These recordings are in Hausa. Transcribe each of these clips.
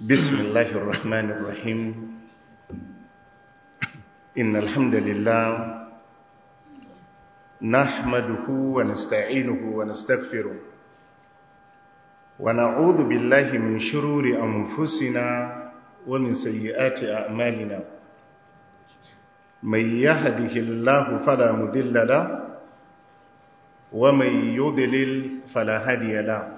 بسم الله الرحمن الرحيم إن الحمد لله نحمده ونستعينه ونستغفره ونعوذ بالله من شرور أنفسنا ومن سيئات أعمالنا من يهده الله فلا مذل له ومن يضلل فلا هادي له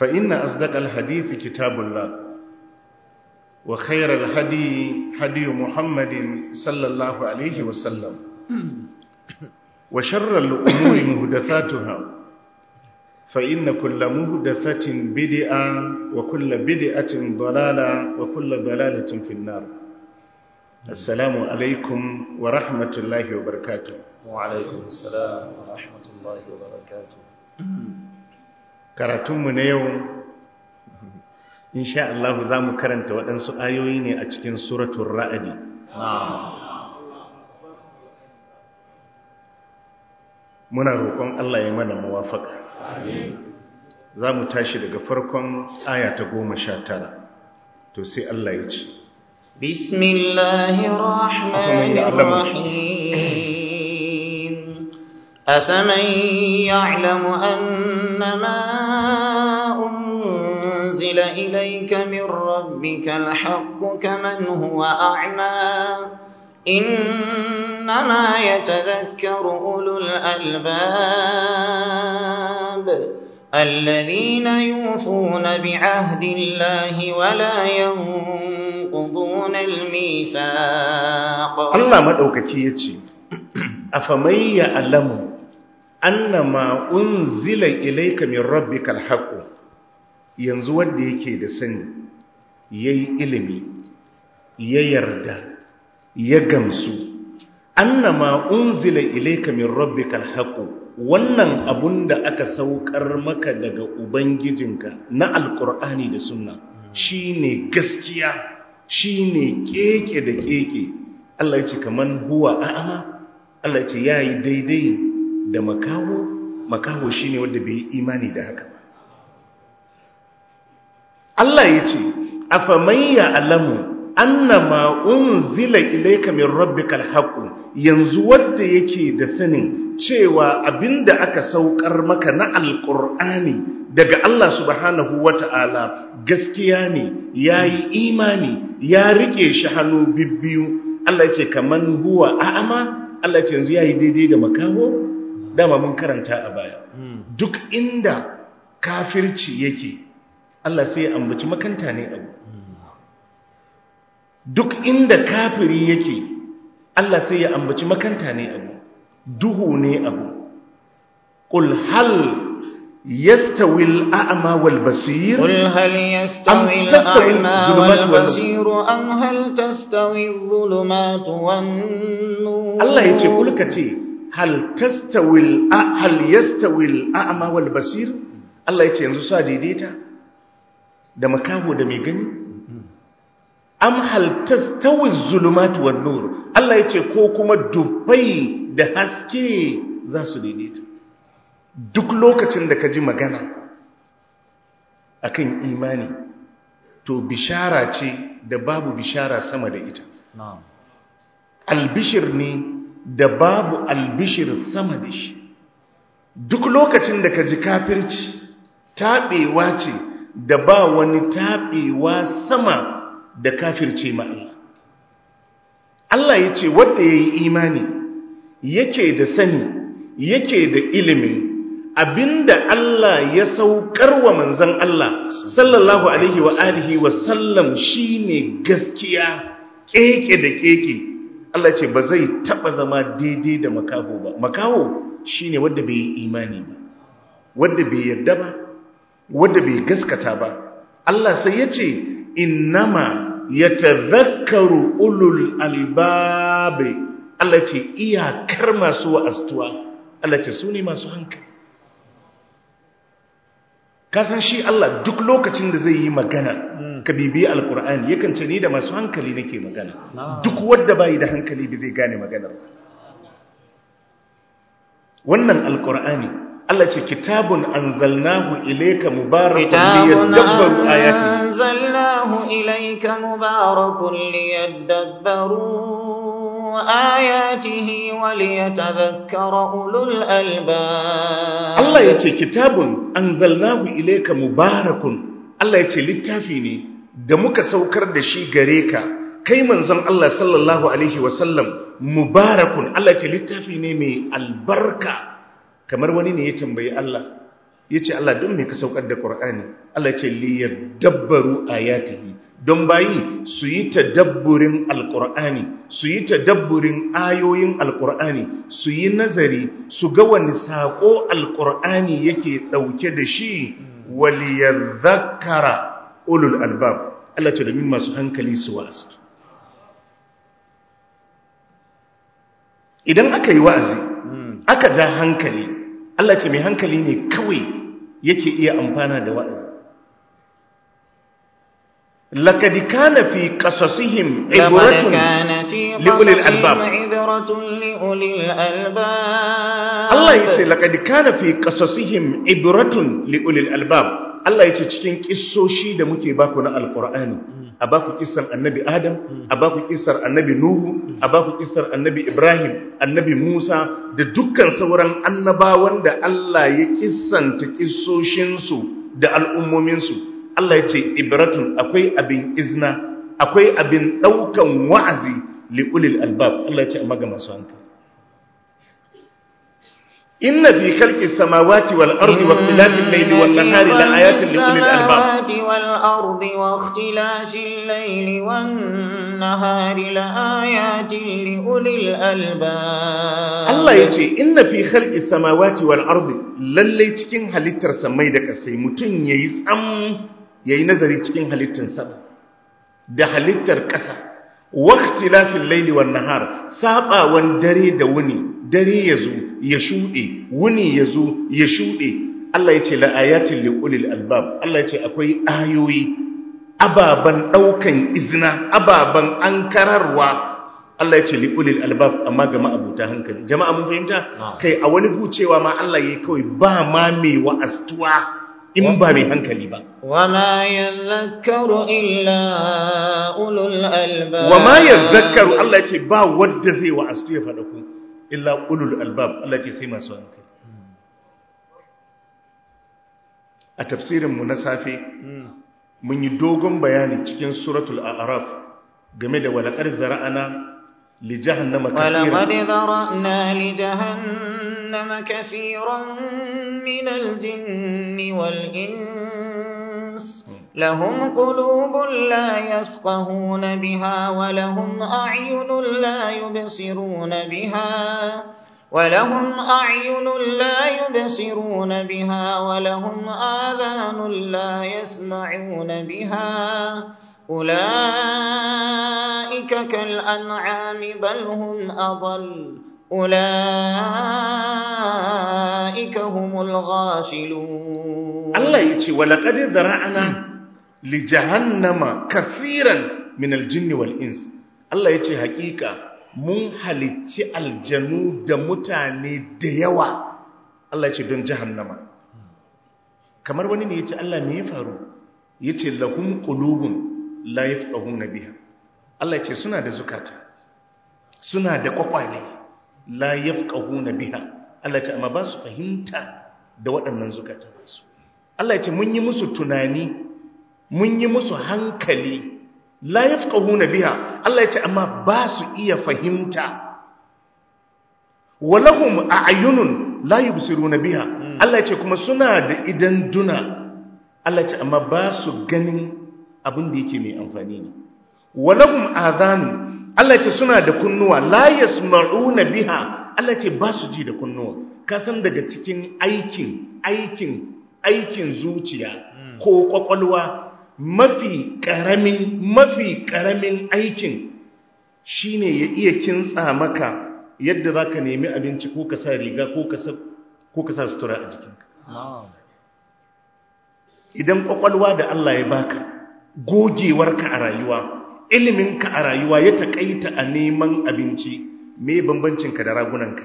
فإن أصدق الحديث كتاب الله وخير الهدي هدي محمد صلى الله عليه وسلم وشر الأمور مهدثاتها فإن كل مهدثة بدئة وكل بدئة ضلالة وكل ضلالة في النار السلام عليكم ورحمة الله وبركاته وعليكم السلام ورحمة الله وبركاته karatunmu na yau insha Allah za mu karanta waɗansu ayoyi ne a cikin suratun ra'adi muna roƙon Allah ya mana muwafaka za mu tashi daga farkon aya ta goma sha tara to sai Allah ya ce bismillahirrahmanirrahim أفمن يعلم أن ما أنزل إليك من ربك الحق كمن هو أعمى إنما يتذكر أولو الألباب الذين يوفون بعهد الله ولا ينقضون الميثاق الله دوكتي يتي أفمن يعلم annama unzila ilayka min rabbikal haqq yanzu wanda yake da sani yayi ilimi ya yarda ya gamsu annama unzila ilayka min rabbikal haqq wannan abun da aka saukar maka daga ubangijinka na Alƙur'ani da sunna shine gaskiya shine keke da keke Allah ya ce kaman huwa a'ama Allah ya ce yayi daidai da makaho makaho ne wanda bai imani da haka ba Allah ya ce a an na ma'un unzila ilai kamar rabbikal haqq yanzu wadda yake da sanin cewa abinda aka saukar maka na Alƙur'ani, daga Allah subhanahu ta'ala gaskiya ne ya yi imani ya rike shi hannu bibbiyu Allah ce kaman huwa a'ama Allah ce yanzu ya yi daidai da makaho dama mun karanta a baya hmm. duk inda kafirci yake Allah sai ya ambaci makanta ne abu hmm. duk inda kafiri yake Allah sai ya ambaci makanta ne abu duhu ne abu qul hal yastawi wal basir يستوي الأعمى والبصير قل هل يستوي الأعمى والبصير أم هل تستوي الظلمات والنور الله يتقول كتير hal tastawil hal yastawil amma wal basir Allah yace yanzu sa daidaita da makaho da mai gani am hal tastawil zulumat wal nur Allah yace ko kuma dubbai da haske za su daidaita duk lokacin da ka ji magana akan imani to bishara ce da babu bishara sama da ita albishir ne da babu albishir sama da shi duk lokacin da ka ji kafirci taɓewa ce da ba wani taɓewa sama da kafirce ma Allah Allah ya ce wadda ya yi imani yake da sani yake da ilimin abinda Allah ya saukar wa manzan Allah sallallahu alaihi wa alihi wa sallam shine gaskiya keke da keke Allah ce ba zai taba zama daidai da makaho ba makaho shine wanda bai yi imani ba wanda bai yarda ba wanda bai gaskata ba Allah sai ya ce innama yatadhakkaru ulul albabe. Allah ce iyakar masu wa'astuwa Allah ce su masu hankali kasan shi Allah duk lokacin da zai yi magana ka bibi alkur'ani yakan ce ni da masu hankali nake magana duk wadda bayi da hankali bi zai gane maganar wannan alkur'ani Allah ce kitabun anzalnahu ilayka mubarakun liyadabbaru ayati anzalnahu ilayka mubarakun liyadabbaru ayatihi ulul albab Allah yace kitabun anzalnahu ilayka mubarakun Allah ya ce littafi ne da muka saukar da shi gare ka kai manzon Allah sallallahu alaihi wasallam mubarakun Allah ya ce littafi ne mai albarka kamar wani ne ya tambayi Allah ya ce Allah don me ka saukar da Qur'ani Allah ya ce li yadabbaru ayatihi don bayi su yi tadabburin alqur'ani su yi tadabburin ayoyin alkur'ani su yi nazari su ga wani saƙo alqur'ani yake ɗauke da shi Waliyar zakara ulul albab Allah ce domin masu hankali su wa'azi idan aka yi wa'azi aka ja hankali Allah ce mai hankali ne kawai yake iya amfana da wa'azi لقد كان في قصصهم عبرة لأولي الألباب الله يتي cikin kissoshi da muke baku na alqur'ani a baku kissar annabi adam a baku ƙisar annabi nuhu a baku ƙisar annabi ibrahim annabi musa da dukkan sauran annabawan da Allah ya kissanta kissoshin da al'ummominsu. Allah ya ce ibratun akwai abin izna akwai abin daukan wa'azi li ulil albab Allah ya ce amma ga masu hankali inna fi khalqi samawati wal ardi wa ikhtilafil layli wan nahari la ayatin li ulil albab wal ardi wa ikhtilafil layli wan nahari la ayatin li ulil albab Allah ya ce inna fi khalqi samawati wal ardi lalle cikin halittar samai da kasai mutun yayi tsam ya yi nazari cikin halittar sama da halittar ƙasa wakti lafin lailiwar nahar saɓawan dare da wuni dare ya zo ya shuɗe wuni ya zo ya shuɗe Allah ya ce la'ayatin liƙulil albab Allah ya ce akwai ayoyi ababen ɗaukan izina ababen kararwa Allah ya ce liƙulil albab amma ga ma'abuta hankali jama'a mun fahimta kai a wani gucewa ma Allah ya yi kawai ba ma mai wa'astuwa in ba mai hankali ba wama yadhakkaru illa ulul albab wama yadhakkaru Allah ce ba wadda zai wa'astu ya faɗa ku illa ulul albab Allah ce sai masu hankali a tafsirinmu na safe mun yi dogon bayani cikin suratul a'raf game da walaqad zara'ana li jahannama kathira walaqad zara'na li jahannama جهنم كثيرا من الجن والإنس لهم قلوب لا يفقهون بها ولهم أعين لا يبصرون بها ولهم أعين لا يبصرون بها ولهم آذان لا يسمعون بها أولئك كالأنعام بل هم أضل ula'ika humul ghafilun Allah yace wa laqad zara'na li jahannama kafiran min aljinni wal ins Allah yace hakika mun halicci aljanu da mutane da yawa Allah yace don jahannama kamar wani ne yace Allah me ya faru yace lahum qulubun la na biha Allah yace suna da zukata suna da kwakwale la yafqahuna biha Allah ce amma ba su fahimta da waɗannan zukata su Allah ya ce mun yi musu tunani mun yi musu hankali la yafqahuna biha Allah ya ce amma ba su iya fahimta walahum a'yunun la yubsiruna biha hmm. Allah ya ce kuma suna da idan duna Allah ya ce amma ba su ganin abin da yake mai amfani ne walahum adhan Allah ce suna da kunnuwa la yasma'una biha Allah ce ba su ji da kunnuwa ka san daga cikin aikin aikin aikin zuciya hmm. ko kwakwalwa mafi karamin mafi karamin aikin shine ya iya kintsa maka yadda zaka nemi abinci ko ka sa riga ko ka sa ko ka sa sutura a jikinka idan kwakwalwa da Allah ya baka gogewarka a rayuwa iliminka a rayuwa ya taƙaita a neman abinci mai bambancinka da ragunanka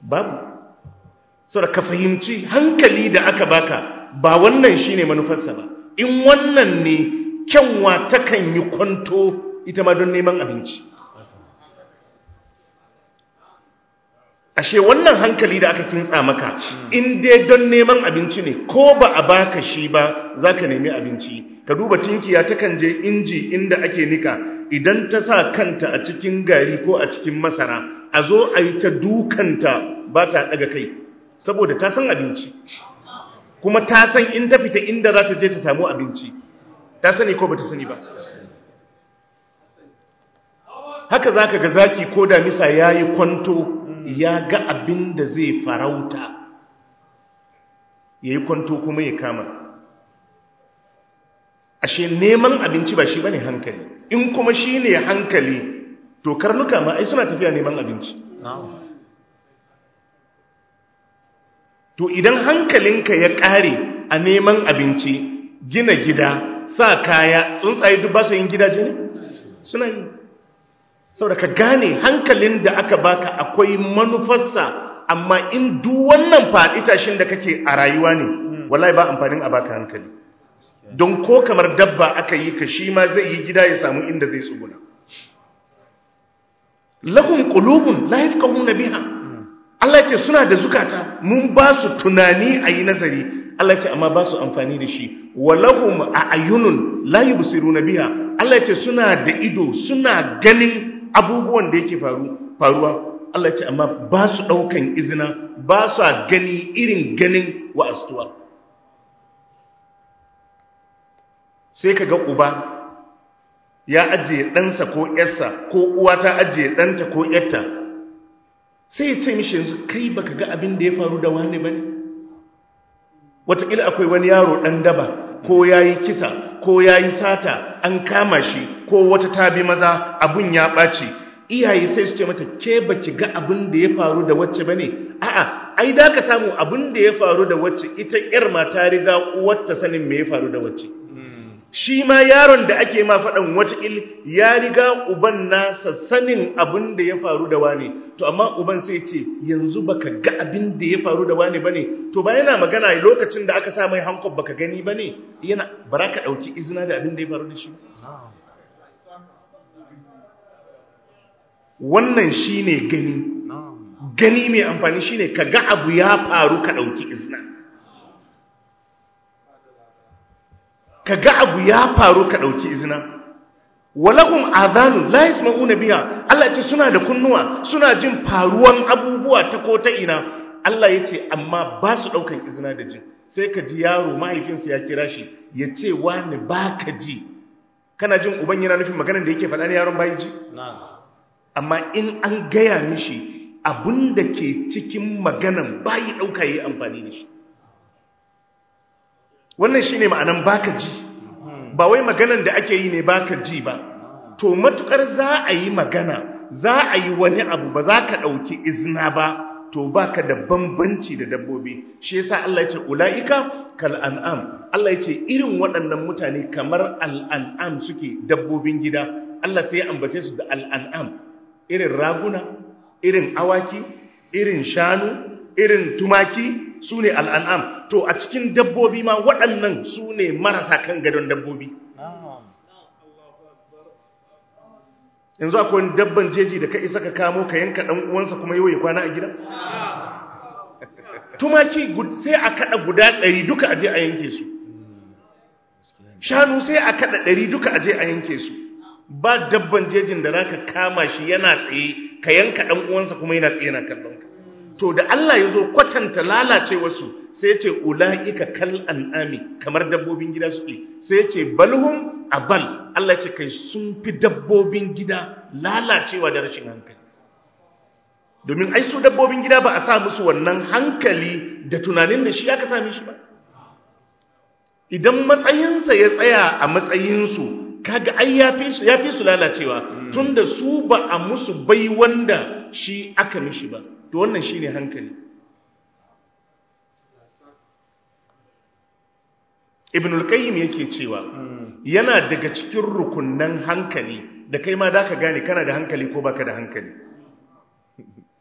babu saboda ka fahimci hankali da aka baka ba wannan shi ne manufarsa ba in wannan ne kyanwa takan yi kwanto ita ma don neman abinci ashe wannan hankali da aka kintsa maka in dai don neman abinci ne ko ba a baka shi ba za ka nemi abinci ka duba tinkiya takan je inji inda ake nika idan ta sa kanta a cikin gari ko a cikin masara a zo a yi ta dukanta ba ta daga kai saboda ta san abinci kuma ta san in ta fita inda za ta je ta samu abinci ta sani ko ba ta sani ba haka za ka ga zaki ko damisa ya yi kwanto ya ga abin da zai farauta ya yi kwanto kuma ya kama ashe neman abinci ba shi bane hankali in kuma shi ne hankali to karnuka ma ai suna tafiya neman abinci to idan hankalinka ya ƙare a neman abinci gina gida sa kaya tsuntsaye duk ba su yin gida jini suna yi saboda ka gane hankalin da aka baka akwai manufarsa amma in duk wannan faɗi tashin da kake a rayuwa ne hmm. wallahi ba amfanin a baka hankali don ko kamar dabba aka yi ka shi ma zai yi gida ya samu inda zai tsuguna ƙulubun lahif ƙahun na biya. Allah ce suna da zukata mun ba su tunani a yi nazari Allah ce amma ba su amfani da shi a a'yunun busiru na biya. Allah ce suna da ido suna ganin abubuwan da yake faruwa Allah ce amma ba su ɗaukan izina ba su gani irin ganin wa'astuwa sai ka ga uba ya ajiye ɗansa ko ƴarsa, ko uwa ta ajiye ɗanta ko ƴarta. sai ya ce mishi yanzu kai baka ga abin da ya faru da wani ba ne Wataƙila akwai wani yaro ɗan daba ko ya yi kisa ko ya yi sata an kama shi ko wata ta bi maza abun ya ɓaci iyaye sai su ce mata ke baki ga abin da ya faru da wacce ba ne a'a ai da ka samu abin da ya faru da wacce ita ‘yar ma ta riga uwarta sanin me ya faru da wacce shi ma yaron da ake ma faɗan watakil ya riga uban nasa sanin abin da ya faru da wane to amma uban sai ce yanzu baka ga abin da ya faru da wane bane to ba yana magana lokacin da aka sa mai ba baka gani bane yana ka ɗauki izina da abin da ya faru da shi wannan shi ne gani gani mai amfani shi ne ka ga abu ya faru ka ɗauki izina ka ga abu ya faru ka ɗauki izina walahum adhanun layis ma'una biya Allah ce suna da kunnuwa suna jin faruwan abubuwa ta ko ta ina Allah ya ce amma ba su ɗaukan izina da jin sai ka ji yaro mahaifinsa ya kira shi ya ce wani ba ka ji kana jin uban yana nufin maganin da yake faɗa ne yaron bayi ji amma in an gaya mishi abin da ke cikin maganan bayi ɗauka ya yi amfani da shi wannan shine ma'anan baka ji ba wai maganan da ake yi ne baka ji ba to matukar za a yi magana za a yi wani abu ba za ka ɗauki izina ba to baka da bambanci da dabbobi shi yasa Allah ya ce ulaika kal an'am Allah ya ce irin waɗannan mutane kamar al an'am suke dabbobin gida Allah sai ya ambace su da al an'am irin raguna irin awaki irin shanu irin tumaki sune al al'an'am to a cikin dabbobi ma waɗannan su ne marasa kan gadon dabbobi yanzu akwai dabban jeji da ka isa ka kamo ka yanka ɗan uwansa kuma yau ya kwana a gida tumaki sai a kaɗa guda ɗari duka aje a yanke su shanu sai a kaɗa ɗari duka aje a yanke su ba dabban jejin da za ka kama shi yana tsaye ka yanka ɗan uwansa kuma yana tsaye na kallon ka to da Allah ya zo kwatanta lalace wasu, sai ce ula'ika kal an'ami kamar dabbobin gida suke sai ce balhum abal Allah ce kai sun fi dabbobin gida lalacewa da rashin hankali domin ai su dabbobin gida ba a sa musu wannan hankali da tunanin da shi aka sa shi ba idan matsayinsa ya tsaya a matsayinsu kaga ai ya fi su lalacewa hmm. tunda su ba a musu bai wanda shi aka mishi ba to wannan shi ne hankali ibn al-qayyim yake cewa yana daga cikin rukunnan hankali da kai ma da ka gane kana da hankali ko baka da hankali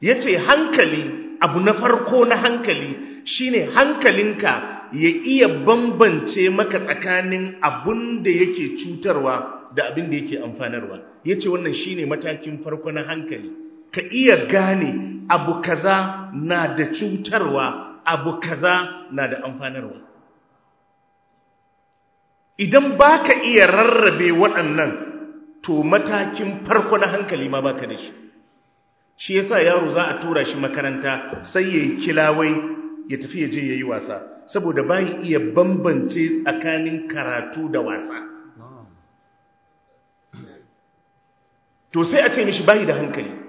yace hankali abu na farko na hankali shine hankalinka ya iya bambance maka tsakanin abin da yake cutarwa da abin da yake amfanarwa yace wannan shine matakin farko na hankali ka iya gane abu kaza na da cutarwa abu kaza na da amfanarwa idan baka iya rarrabe waɗannan to matakin farko na hankali ma baka da shi shi yasa yaro za a tura shi makaranta sai yayi kilawai ya tafi ya je yayi wasa saboda bai iya bambance tsakanin karatu da wasa to sai a ce mishi bai da hankali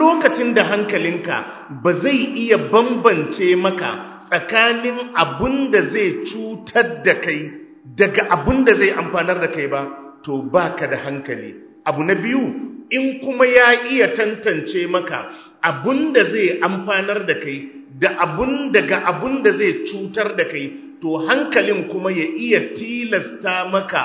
lokacin da hankalinka ba zai iya bambance maka tsakanin abun da zai cutar da kai daga abun da zai amfanar da kai ba to baka da hankali abu na biyu in kuma ya iya tantance maka abun da zai amfanar da kai da abun daga abun da zai cutar da kai to hankalin kuma ya iya tilasta maka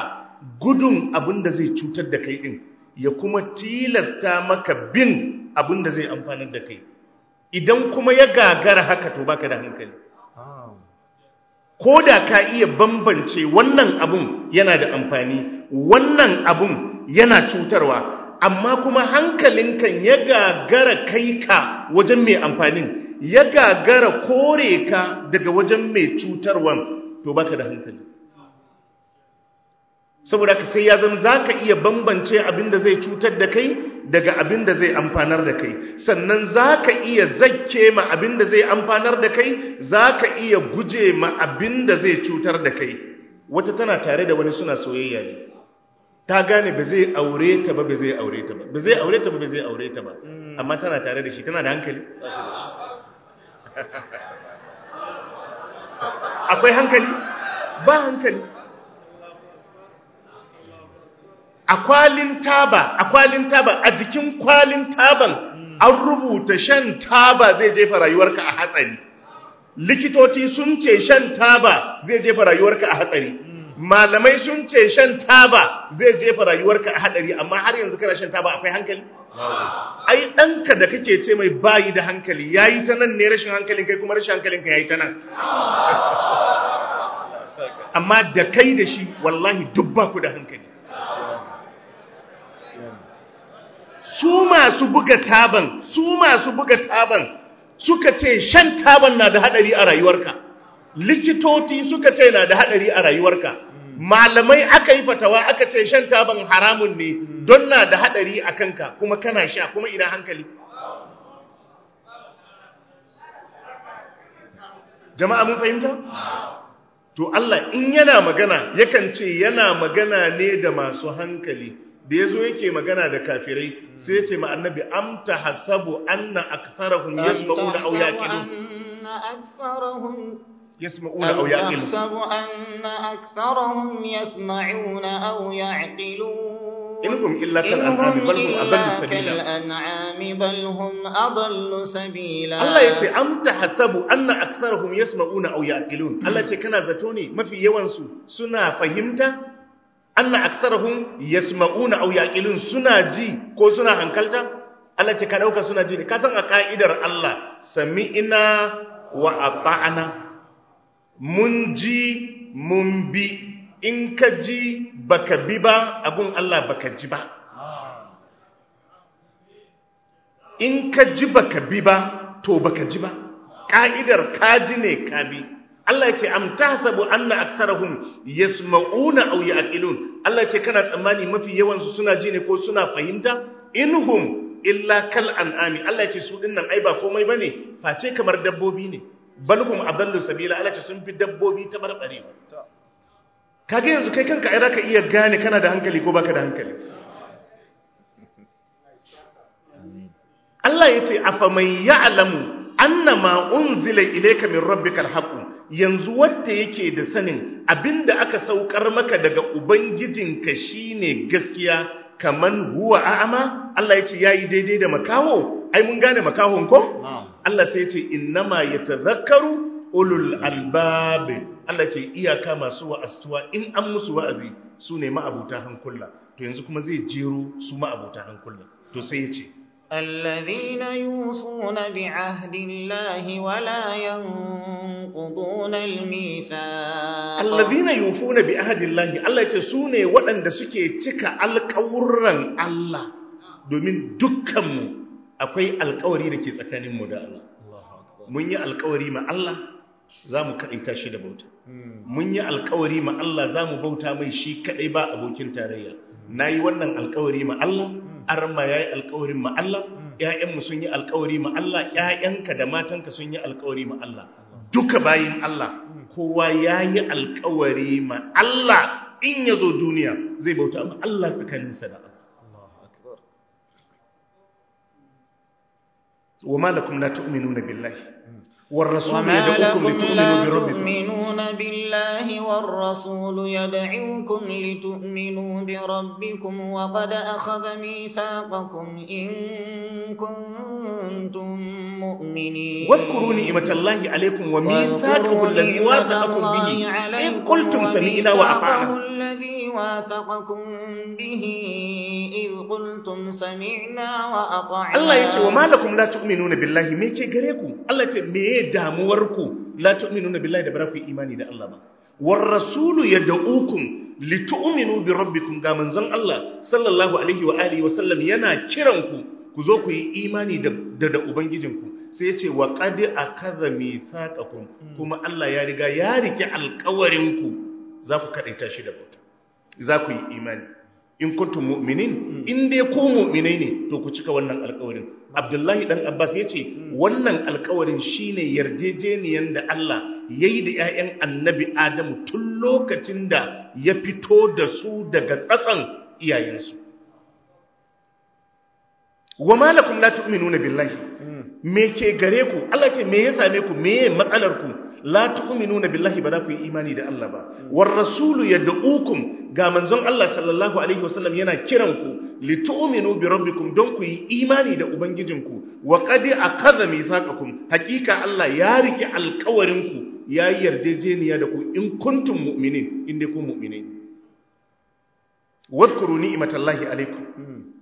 gudun abun da zai cutar da kai din ya kuma tilasta maka bin abin da zai amfanar da kai idan kuma ya gagara haka to baka da hankali ko da ka iya bambance wannan abun yana da amfani wannan abun yana cutarwa amma kuma hankalinkan ya gagara kai ka wajen mai amfanin ya gagara kore ka daga wajen mai cutarwan to baka da hankali saboda ka sai ya zama za ka iya bambance abin da zai cutar da kai daga abin da zai amfanar da kai sannan za ka iya zakke ma abin da zai amfanar da kai za ka iya guje ma abin da zai cutar da kai wata tana tare da wani suna soyayya ne ta gane ba zai aure ta ba ba zai aure ta ba ba zai aure ta ba ba zai aure ta ba mm. amma tana tare da shi tana da hankali akwai hankali ba hankali a kwalin taba a kwalin taba a jikin kwalin taban hmm. an rubuta shan taba zai jefa rayuwarka a hatsari likitoci sun ce shan taba zai jefa rayuwarka a hatsari hmm. malamai sun ce shan taba zai jefa rayuwarka a hadari amma har yanzu kana shan taba akwai hankali ai ɗanka da kake ce mai bayi da hankali yayi ta nan ne rashin hankalin kai kuma rashin hankalin ka yayi ta nan amma da kai da shi wallahi duk ba ku da hankali su masu buga taban su masu buga taban suka ce shan taban na da hadari a rayuwarka likitoci suka ce na da hadari a rayuwarka malamai aka yi fatawa aka ce shan taban haramun ne don na da hadari a kanka kuma kana sha kuma ina hankali jama'a mun fahimta to Allah in yana magana yakan ce yana magana ne da masu hankali da yazo yake magana da kafirai sai yace ma annabi am tahasabu anna aktharahum yasma'una aw yaqilun aktharahum يسمعون أو يعقلون تحسب أن أكثرهم يسمعون أو يعقلون إنهم إلا كالأنعام بل هم أضل سبيلا كالأنعام بل هم أضل سبيلا الله يتي أم تحسب أن أكثرهم يسمعون أو يعقلون الله يتي كان ذاتوني ما في يوانسو سنا فهمت anna aksarahum yasma'una aw yaqilun suna ji ko suna hankalta Allah ce ka ɗauka suna ji ne ka san a ka'idar Allah sami'ina wa ata'ana mun ji mun bi in ka ji baka bi ba abun Allah baka ji ba in ka ji baka bi ba to baka ji ba ka'idar ka ji ne ka bi Allah ya ce am tahsabu anna aktharahum yasma'una aw ya'qilun Allah ya ce kana tsammani mafi yawan su suna ji ne ko suna fahimta inhum illa kal an'ami Allah ya ce su dinnan ai ba komai bane face kamar dabbobi ne balhum adallu sabila Allah ya ce sun fi dabbobi ta barbarewa kage yanzu kai kanka ai zaka iya gane kana da hankali ko baka da hankali Allah ya ce afa mai ya'lamu annama unzila ilayka min rabbikal haqq yanzu wadda yake da sanin abinda aka saukar maka daga ubangijinka shine gaskiya kaman huwa a'ama Allah yace yayi daidai da makaho ai mun gane makahon ko Allah sai yace innama yatadhakkaru ulul albab Allah ce iyaka masu wa'astuwa in an musu wa'azi su ne ma'abuta hankula to yanzu kuma zai jero su ma'abuta hankula to sai yace الذين يوصون بعهد الله ولا ينقضون الميثاق الذين يوفون بعهد الله الله يتي سوني waɗanda suke cika alƙawurran Allah domin dukkanmu akwai alƙawari da ke tsakaninmu da Allah mun yi alƙawari ma Allah za mu kaɗaita shi da bauta mun yi alƙawari ma Allah za mu bauta mai shi kaɗai ba abokin tarayya na yi wannan alƙawari ma Allah arma ya yi alkawarin ma Allah ‘ya'yanmu hmm. sun yi alkawari ma Allah ‘ya'yanka da matanka sun yi alkawari ma Allah duka bayin Allah hmm. kowa ya yi alkawari ma Allah in ya zo duniya zai bauta ma Allah tsakaninsa da Allah wa malakum la tu'minuna billahi hmm. war rasul da litu'minu bi rabbikum تؤمنون بالله والرسول يدعوكم لتؤمنوا بربكم وقد أخذ ميثاقكم إن كنتم مؤمنين واذكروا نعمة الله عليكم وميثاقه الذي واثقكم به إذ قلتم سمعنا وأطعنا الذي واثقكم به قلتم سمعنا وأطعنا الله يتي وما لكم لا تؤمنون بالله me ke gare ku Allah ce me damuwarku la tu'minuna billahi da bara ku imani da Allah ba war rasulu yad'ukum litu'minu bi rabbikum ga manzon Allah sallallahu alaihi wa wa sallam yana kiran ku ku zo ku yi imani da da ku? sai yace wa qad akadha mithaqakum kuma Allah ya riga ya rike alƙawarin ku za ku kadaita shi da bauta za ku yi imani in kuntum mu'minin mm. in dai ku mu'minai ne to ku cika wannan alkawarin Abdullahi dan Abbas ya ce mm. wannan alkawarin shine yarjejeniyan da Allah yayi da 'ya'yan Annabi Adamu tun lokacin da ya fito da su daga tsatsan iyayensu wa malakum la tu'minuna billahi mm. me ke gare ku Allah ce me ya same ku me matsalar ku la tu'minuna billahi ba za ku yi imani da Allah ba war rasulu yad'ukum ga manzon Allah sallallahu alaihi wasallam yana kiran ku tu'minu bi rabbikum don ku yi imani da ubangijinku wa qad akhadha mithaqakum hakika Allah ya rike alkawarin ku ya yi yarjejeniya da ku in kuntum mu'minin in dai ku mu'minin wadhkuru ni'matallahi alaikum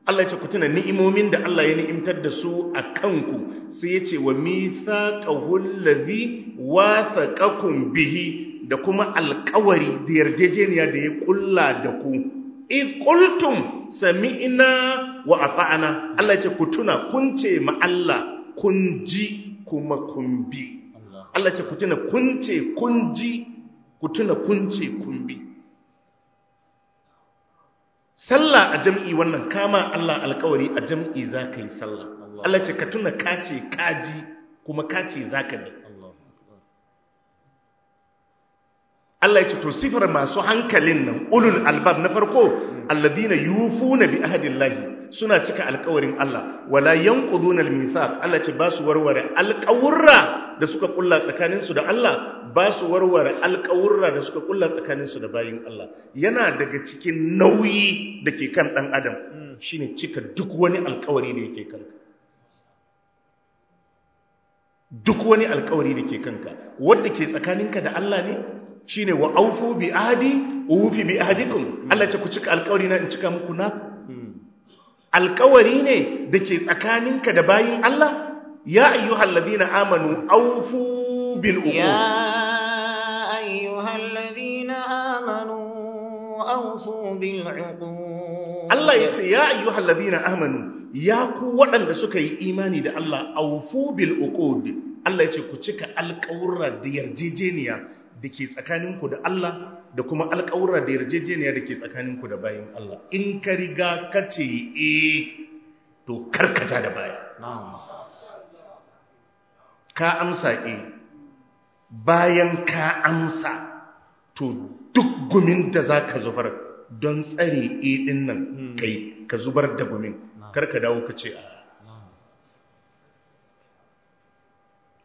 Allah ya ce ku tuna ni'imomin da Allah ya ni'imtar da su a kanku sai ya ce wa mithaqahu allazi wathaqakum bihi da kuma alkawari da yarjejeniya da ya kulla da ku id sami sami'na wa ata'na Allah ce ku tuna kun ce ma Allah kun ji kuma kun bi Allah ce ku tuna kun ce kun ji ku tuna kun ce kun bi sallah a jam'i wannan kama Allah alkawari a jam'i za ka yi sallah Allah ce ka tuna ka ce ka ji kuma ka ce za ka bi Allah ya ce to sifar masu hankalin nan ulul albab na farko alladina yufuna bi ahdillahi suna cika alƙawarin Allah wala yanquduna almithaq Allah ce ba su warware alƙawurra da suka kulla tsakanin su da Allah ba su warware alƙawurra da suka kulla tsakanin su da bayin Allah yana daga cikin nauyi dake kan dan adam shine cika duk wani alƙawari da yake kanka duk wani alkawari da ke kanka wanda ke tsakaninka da Allah ne shine wa aufu bi ahdi ufi bi ahdikum hmm. Allah ce ku cika alƙawari na in cika muku na hmm. alƙawari ne da ke tsakaninka da bayin Allah ya ayyuhal ladina amanu aufu bil uqud ya ayyuhal ladina amanu awfu bil uqud Allah ce ya ayyuhal ladina amanu ya ku waɗanda suka yi imani da Allah aufu bil uqud Allah ce ku cika alƙawurra da yarjejeniya da ke tsakaninku da Allah da kuma alƙawura da yarjejeniya da ke tsakaninku da bayan Allah in ka riga ka ce e to karkata da baya ka amsa e bayan ka amsa to duk gumin da za ka zubar don tsare e eh, ɗin nan kai ka zubar da gumin karka dawo ka ce a ah.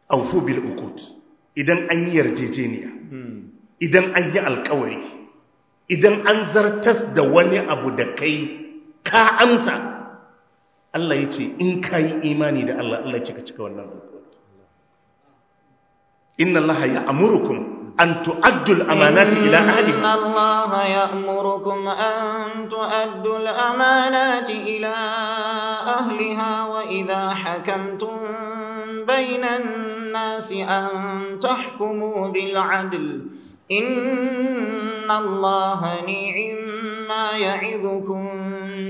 aufu bil ukut idan an yi yarjejeniya idan an yi alkawari idan an zartas da wani abu da kai ka amsa Allah ya ce in ka yi imani da Allah Allah cika cika wannan alkawari inna Allah ya amurukum أن تؤدوا الأمانات إلى أهلها إن الله يأمركم أن تؤدوا الأمانات إلى أهلها وإذا حكمتم بين الناس النَّاسِ أَن تَحْكُمُوا بِالْعَدْلِ ۚ إِنَّ اللَّهَ نِعِمَّا يَعِظُكُم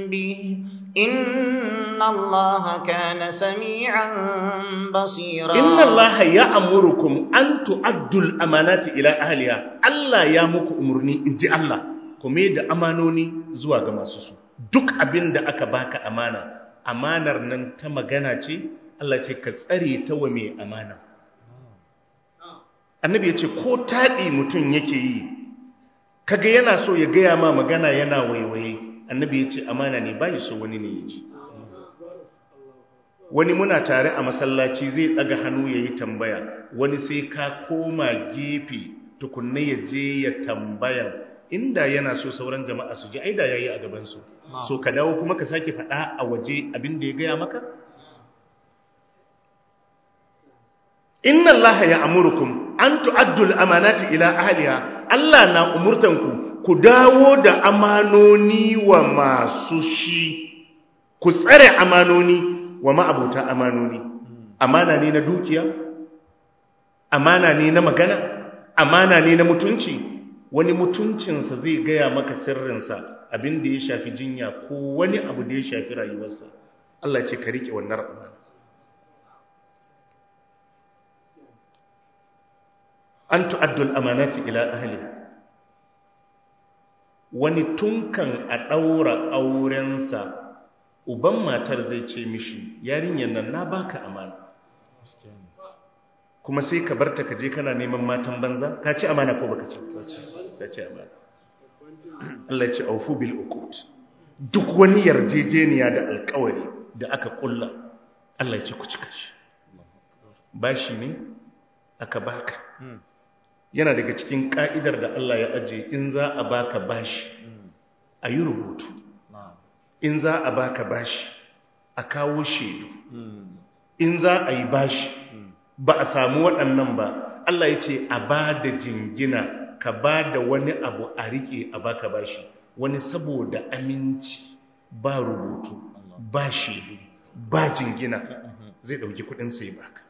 بِهِ ۗ إِنَّ اللَّهَ كَانَ سَمِيعًا بَصِيرًا إِنَّ اللَّهَ يَأْمُرُكُمْ أَن تُؤَدُّوا الْأَمَانَاتِ إِلَى أَهْلِهَا Allah ya muku umarni, inji Allah ku da amanoni zuwa ga masusu. duk abinda aka baka amana amanar nan ta magana ce Allah ce ka tsare ta wa mai amana annabi ya ce ko taɗi mutum yake yi kaga yana so ya gaya ma magana yana waiwaye annabi ya ce amana ne bayi so wani ne ya ji wani muna tare a masallaci zai ɗaga hannu ya yi tambaya wani sai ka koma gefe tukunna ya je ya tambaya inda yana so sauran jama'a su ji aida ya yi a gabansu so ka dawo kuma ka sake faɗa a waje abin da ya gaya maka innan laha ya amurukum an tu'addul amanati ila ahliha Allah na umurtanku ku ku dawo da amanoni wa masu shi ku tsare amanoni wa ma'abuta amanoni amana ne na dukiya amana ne na magana amana ne na mutunci wani mutuncinsa zai gaya maka sirrinsa abin da ya shafi jinya ko wani abu da ya shafi rayuwarsa Allah ce ka rike wannan amana an tu'addul amanati ila ahli wani tunkan a ɗaura aurensa uban matar zai ce mishi yarinyar nan na baka amana kuma sai ka barta ka je kana neman matan banza ka ci amana ko baka ci ka ci amana Allah ce aufu bil uqud duk wani yarjejeniya da alkawari da aka kulla Allah ce ku cika shi bashi ne aka baka hmm. yana daga cikin ka'idar da Allah ya aje in za a baka bashi a yi rubutu in za a baka bashi a kawo shaidu in za a yi bashi ba a samu waɗannan ba Allah ya ce a ba da jingina ka ba da wani abu a riƙe a baka bashi wani saboda aminci ba rubutu ba shaidu ba jingina zai ɗauki kuɗin sai baka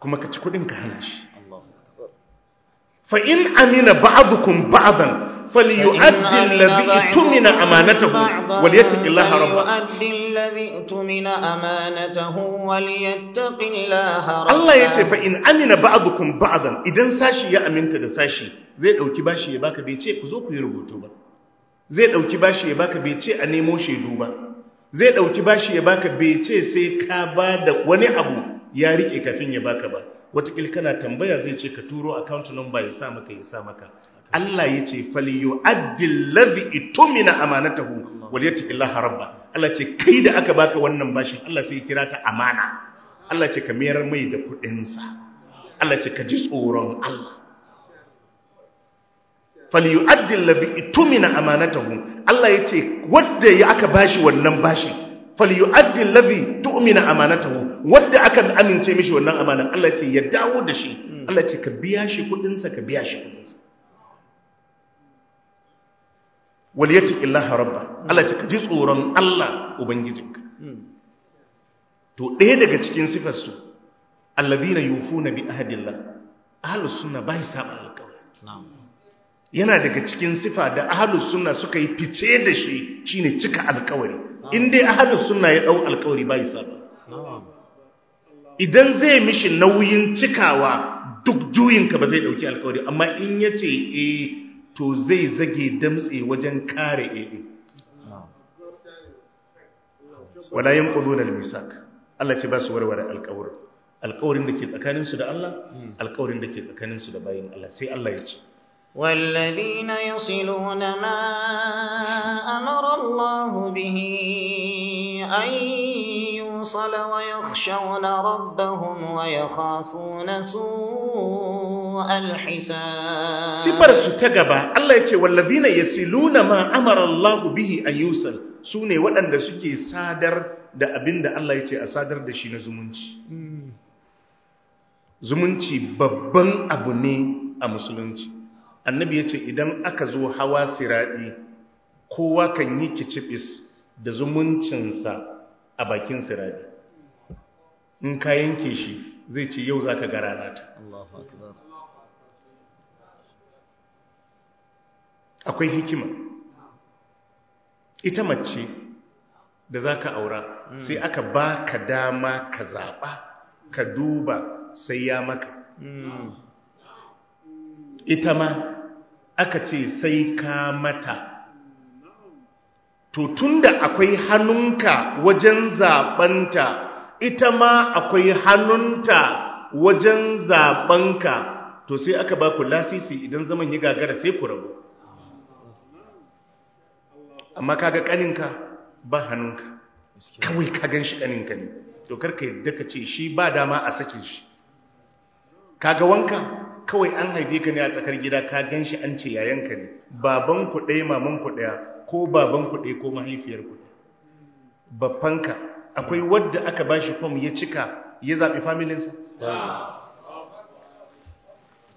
kuma ka ci kudin ka hana shi fa in amina ba'dukum ba'dan falyu'addi alladhi tumina amanatahu walyattaqi Allah rabbahu yu'addi alladhi tumina amanatahu walyattaqi Allah Allah yace fa in amina ba'dukum ba'dan idan sashi ya aminta da sashi zai dauki bashi ya baka bai ce ku zo ku yi rubutu ba zai dauki bashi ya baka bai ce a nemo shaidu ba zai dauki bashi ya baka bai ce sai ka ba da wani abu ya rike kafin ya baka ba watakil kana tambaya zai ce ka turo account number ya sa maka ya sa maka Allah ya ce falyu'addil ladhi itumina amanatahu walyattaqillaha rabba Allah ce kai da aka baka wannan bashin Allah sai ya kira ta amana Allah ce ka mayar mai da kudin sa Allah ce ka ji tsoron Allah falyu'addil ladhi itumina amanatahu Allah ya ce wanda ya aka bashi wannan bashin falyu'addi allazi tu'mina amanatahu wanda aka amince mishi wannan amanan Allah ce ya dawo da shi Allah ce ka biya shi kudin sa ka biya shi kudin sa waliyatiqillaha rabba Allah ce ka ji tsoron Allah ubangijinka to ɗaya daga cikin sifar su allazina yufuna bi ahdillah ahlus sunna bai saba alƙawari yana daga cikin sifa da ahlus sunna suka yi fice da shi shine cika alƙawari in dai ahlus suna ya ɗau alkawari yi saba idan zai mishi nauyin cikawa duk juyinka ba zai ɗauki alkawari amma in yace e eh, to zai zage damtse wajen kare eh wala yanquduna almisak Allah ce ba su warware alkawarin alkawarin da ke tsakaninsu da Allah alkawarin da ke tsakaninsu da bayan Allah sai Allah ya ce والذين يصلون ما أمر الله به أن يوصل ويخشون ربهم ويخافون سوء الحساب سبر ستقبا الله يتي والذين يصلون ما أمر الله به أن يوصل سوني ودن دسكي سادر دا abin da Allah ya ce a sadar da shi na zumunci. Zumunci annabi ya ce idan aka zo hawa siraɗi kowa kan yi kicibis da zumuncinsa a bakin siraɗi in ka yanke shi zai ce yau za ka gara nata akwai hikima ita mace da za ka aura hmm. sai aka ba ka dama ka zaɓa ka duba sai ya maka hmm. ita ma aka ce sai ka mata to tunda akwai hannunka wajen zaɓanta ita ma akwai hannunta wajen zaɓanka to sai aka ba ku lasisi idan zaman ya gagara sai ku rabu amma kaga kaninka ba hannunka kawai ka gan shi kaninka ne to karka yadda ka ce shi ba dama a sakin shi kaga wanka kawai an haife ka ne a tsakar gida ka gan shi an ce yayanka ne baban ku ɗaya maman ku ɗaya ko baban ku ɗaya ko mahaifiyar ku babbanka akwai wadda aka ba shi fom ya cika ya zaɓi familinsa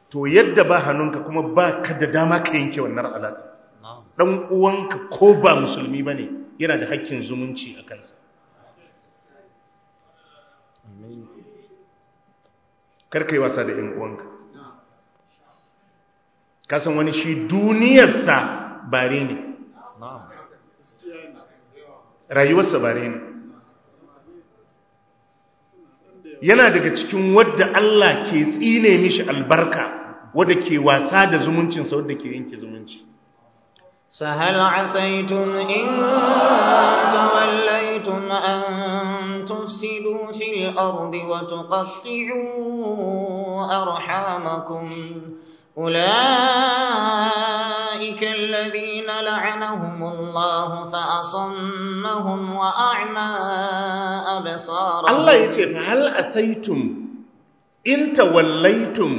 to yadda ba hannunka kuma ba ka da dama ka yanke wannan alaƙa ɗan uwanka ko ba musulmi ba ne yana da hakkin zumunci a kansa karka yi wasa da ‘yan uwanka kasan wani shi duniyarsa bare ne rayuwarsa bare ne yana daga cikin wadda Allah ke tsine mishi albarka wadda ke wasa da zumuncinsa wadda ke yanke zumunci sahal asaitum in tawallaitum an tufsidu fil ardi wa tuqatti'u arhamakum أولئك الذين لعنهم الله فأصمهم وأعمى أبصارهم الله يتيب هل أسيتم إن توليتم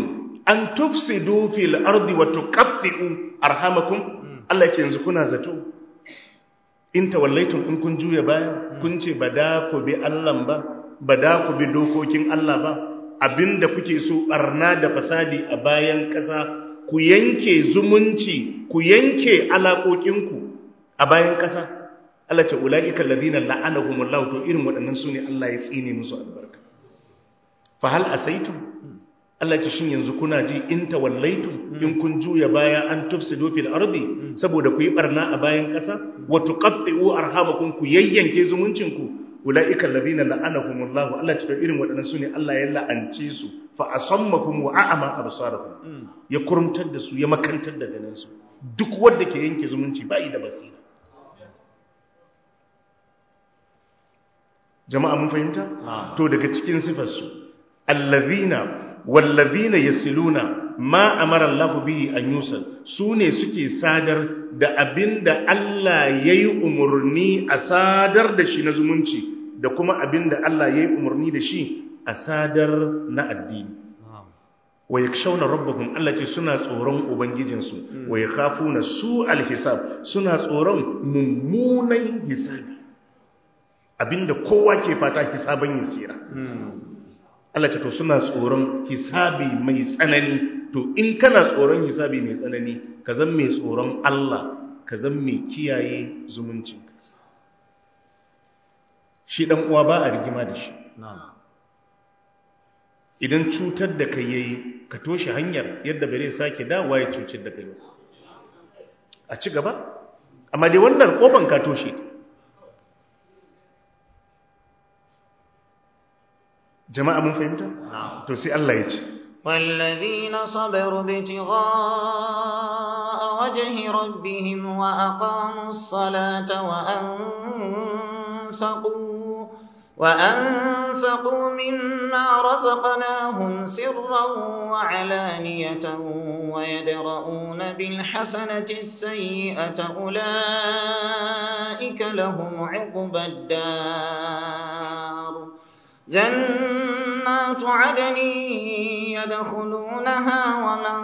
أن تفسدوا في الأرض وتقطئوا أرحامكم الله يتيب ينزكونا زتو إن توليتم إن كنجوا يبايا كنت بداكو بألم با بداكو بدوكو كين ألا با abinda kuke so barna da fasadi a bayan ƙasa ku yanke zumunci ku yanke alaƙoƙinku a bayan ƙasa Allah ce ula'ika ladina la'anahumullahu to irin waɗannan su ne Allah ya tsine musu albarka fa hal asaitum Allah ce shin yanzu kuna ji in tawallaitum in kun juya baya an tufsidu fil ardi saboda ku yi barna a bayan ƙasa wa tuqatti'u arhamakum ku yayyanke zumuncinku ulaika allazina la'anahumullahu Allah ta irin waɗannan sune Allah ya la'ance su fa asammakum wa a'ama absarakum hmm. ya kurumtar da su ya makantar da ganin su duk wanda ke yanke zumunci bai da basira jama'a mun fahimta ah. to daga cikin sifar su allazina wallazina yasiluna ma amara Allah an yusal su ne suke sadar da abinda Allah ya yi umarni a sadar da shi na zumunci da kuma abinda Allah ya yi umarni da shi a sadar na addini wa yakshawna rabbahum Allah ce suna tsoron ubangijinsu wa na su alhisab suna tsoron mummunan hisabi abinda kowa ke fata hisaban tsira. Hmm. Allah ce to suna tsoron hisabi mai tsanani to in kana tsoron hisabi mai tsanani ka zan mai tsoron Allah ka zan mai kiyaye zumuncin shi dan uwa ba a rigima da shi idan cutar da kai yayi ka toshe hanyar yadda bare sake dawa ya cutar da kai a ci gaba amma dai wannan kofan ka toshe jama'a mun fahimta to sai Allah ya ce والذين صبروا ابتغاء وجه ربهم وأقاموا الصلاة وأنفقوا, وأنفقوا مما رزقناهم سرا وعلانية ويدرؤون بالحسنة السيئة أولئك لهم عقبى الدار جنة جنات عدن يدخلونها ومن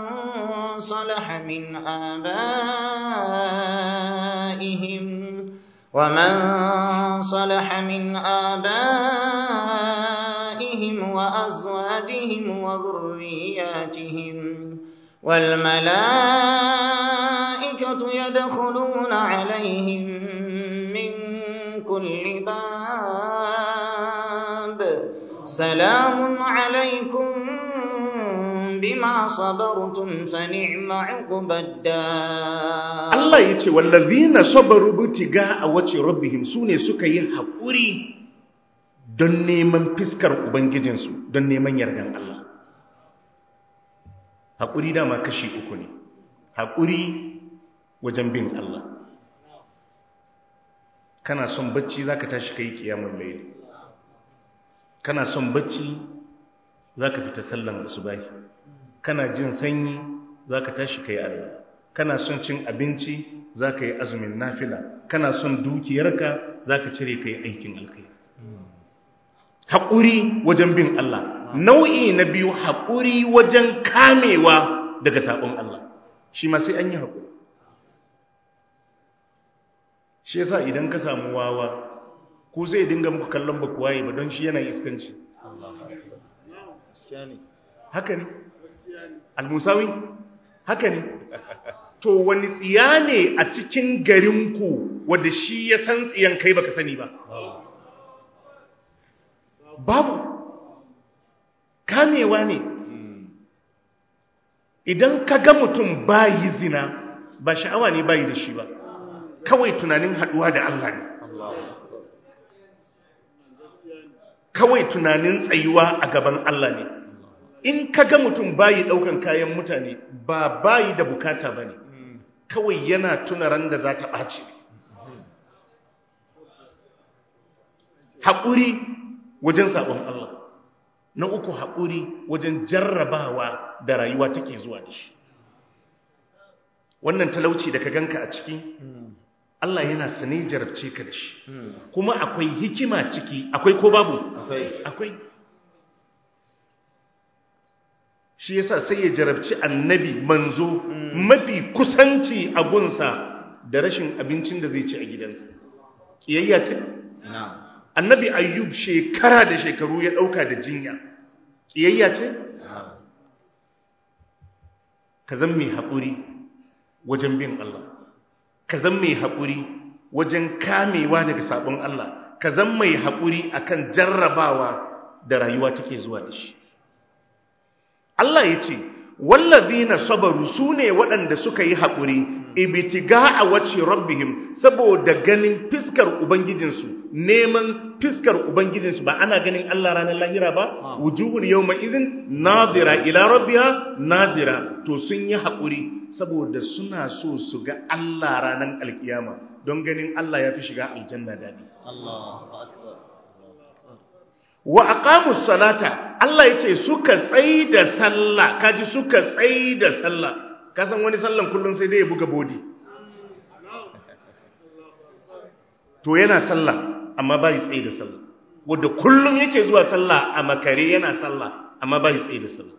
صلح من آبائهم ومن صلح من آبائهم وأزواجهم وذرياتهم والملائكة سلام عليكم بما صبرتم فنعم عقب الدار الله يتي والذين صبروا ابتغاء وجه ربهم سune suka yi haƙuri don neman fiskar ubangijinsu don neman yardan Allah Haƙuri dama kashi uku ne haƙuri wajen bin Allah kana son bacci zaka tashi yi ƙiyamar laili kana son bacci za ka fita sallan asubahi kana jin sanyi za ka tashi ka yi alwa kana son cin abinci za ka yi azumin nafila kana son dukiyarka za ka cire ka yi aikin alkai haƙuri wajen bin Allah nau'i na biyu haƙuri wajen kamewa daga saƙon Allah shi ma sai an yi haƙuri shi yasa idan ka samu wawa ko zai dinga muku kallon ba kuwaye ba don shi yana iskanci haka ne almusawi haka ne to wani tsiya ne a cikin garinku wadda shi ya san tsiyan kai baka sani ba babu kamewa ne idan ka ga mutum bayi zina ba sha'awa ne bayi da shi ba kawai tunanin haduwa da Allah ne kawai tunanin tsayuwa a gaban Allah ne in ka ga mutum bayi ɗaukan kayan mutane ba bayi da bukata ba ne kawai yana tunaran da za ta ɓace haƙuri wajen saɓon Allah na uku haƙuri wajen jarrabawa da rayuwa take zuwa da shi wannan talauci da ka ganka a ciki Allah yana sane jarabce ka da shi kuma akwai hikima ciki akwai ko babu akwai akwai shi yasa sai ya jarabci annabi manzo hmm. mafi kusanci a gunsa da rashin abincin da zai ci a gidansa kiyayya ce annabi ayyub shekara da shekaru ya dauka da jinya kiyayya ce ka zan mai haƙuri wajen bin Allah ka zan mai haƙuri wajen kamewa daga sabon Allah ka zan mai haƙuri a kan jarrabawa da rayuwa take zuwa da shi Allah ya ce na sabaru su ne waɗanda suka yi haƙuri a wace rabbihim saboda ganin fiskar ubangijinsu neman fiskar ubangijinsu ba ana ganin Allah ranar lahira ba ah. wujuhun yau idhin nazira ila rabbiha nazira to sun yi haƙuri saboda suna so su ga Allah ranar alƙiyama don ganin Allah ya fi shiga aljanna daɗi wa salata Allah yace suka tsayi da sallah kaji suka tsayi da sallah ka san wani sallan kullun sai dai ya buga bodi to yana sallah amma ba ya tsayi da sallah wanda kullun yake zuwa sallah a makare yana sallah amma ba ya tsayi da sallah